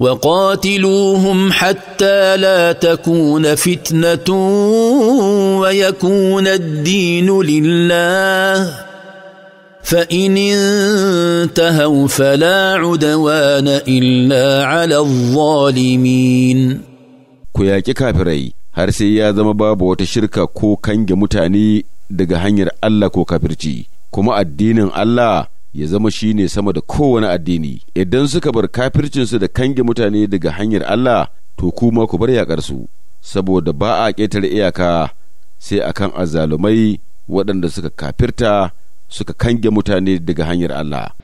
وقاتلوهم حتى لا تكون فتنه ويكون الدين لله فان انتهوا فلا عدوان الا على الظالمين ku yaƙi kafirai har sai ya zama babu wata shirka ko kange mutane daga hanyar Allah ko kafirci kuma addinin Allah ya zama shi ne sama da kowane addini idan suka bar kafircinsu da kange mutane daga hanyar Allah to kuma ku bar yaƙarsu saboda ba a ƙetare iyaka sai akan azzalumai waɗanda suka kafirta suka kange mutane daga hanyar Allah